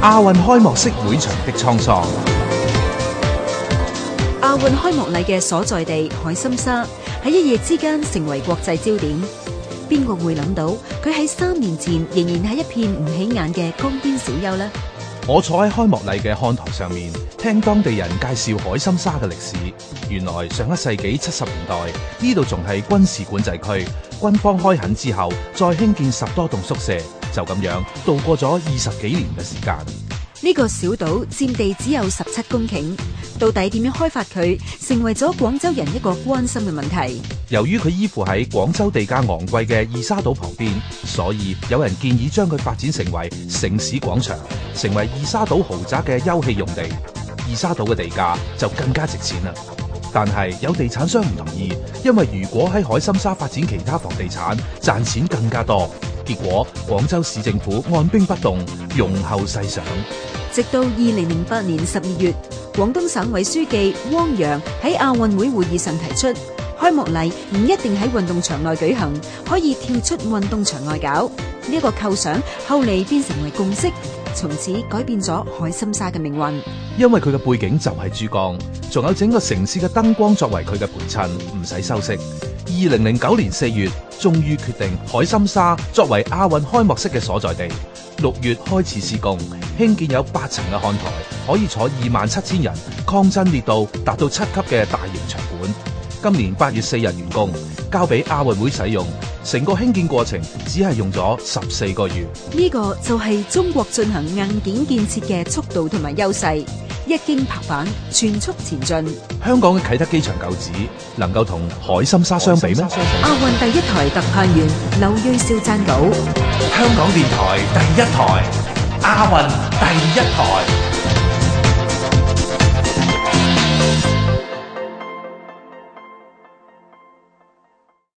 亞運開幕式會場的滄桑，亞運開幕禮嘅所在地海心沙喺一夜之間成為國際焦點。邊個會諗到佢喺三年前仍然係一片唔起眼嘅江邊小丘呢？我坐喺開幕禮嘅看台上面。聽當地人介紹海心沙嘅歷史，原來上一世紀七十年代，呢度仲係軍事管制區。軍方開墾之後，再興建十多棟宿舍，就咁樣度過咗二十幾年嘅時間。呢個小島佔地只有十七公頃，到底點樣開發佢，成為咗廣州人一個關心嘅問題。由於佢依附喺廣州地價昂貴嘅二沙島旁邊，所以有人建議將佢發展成為城市廣場，成為二沙島豪宅嘅休憩用地。二沙島嘅地價就更加值錢啦，但係有地產商唔同意，因為如果喺海心沙發展其他房地產，賺錢更加多。結果廣州市政府按兵不動，容後細想，直到二零零八年十二月，廣東省委書記汪洋喺亞運會會議上提出，開幕禮唔一定喺運動場內舉行，可以跳出運動場外搞。呢一個構想後嚟變成為共識，從此改變咗海心沙嘅命運。因為佢嘅背景就係珠江，仲有整個城市嘅燈光作為佢嘅陪襯，唔使修飾。二零零九年四月，終於決定海心沙作為亞運開幕式嘅所在地。六月開始施工，興建有八層嘅看台，可以坐二萬七千人，抗震烈度達到七級嘅大型場館。今年八月四日完工，交俾亞運會使用。成個興建過程只係用咗十四個月，呢個就係中國進行硬件建設嘅速度同埋優勢。一經拍板，全速前進。香港嘅啟德機場舊址能夠同海心沙相比咩？亞運第一台特派員劉瑞肖撰稿，香港電台第一台，亞運第一台。